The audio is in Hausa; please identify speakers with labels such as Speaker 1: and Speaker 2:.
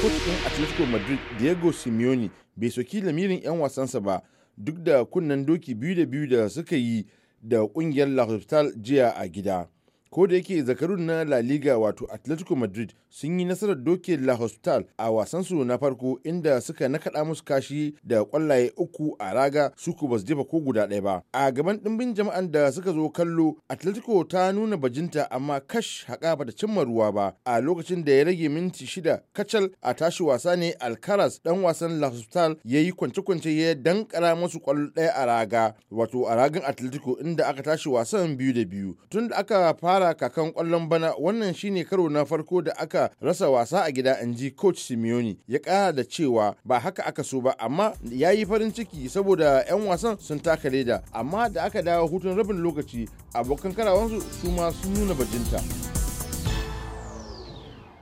Speaker 1: coach ɗin atletico madrid diego simeone bai soki lamirin 'yan wasansa ba duk da kunnen doki biyu da biyu da suka yi da ƙungiyar la jiya a gida ko da yake zakarun na La Liga wato Atletico Madrid sun yi nasarar doke La Hospital a wasan su na farko inda suka nakaɗa musu kashi da kwallaye uku a raga su ku basu jefa ko guda ɗaya ba. A gaban ɗimbin jama'an da suka zo kallo Atletico ta nuna bajinta amma kash haƙa bata cimma ruwa ba a lokacin da ya rage minti shida kacal a tashi wasa ne Alcaraz dan wasan La Hospital ya yi kwance-kwance ya dankara musu kwallo ɗaya a raga wato a ragan Atletico inda aka tashi wasan biyu da biyu tun da aka fara fara kakan kwallon bana wannan shine karo na farko da aka rasa wasa a gida in ji coach Simeone ya kara da cewa ba haka aka so ba amma ya yi farin ciki saboda 'yan wasan sun taka leda amma da aka dawo hutun rabin lokaci abokan karawansu su ma sun nuna bajinta.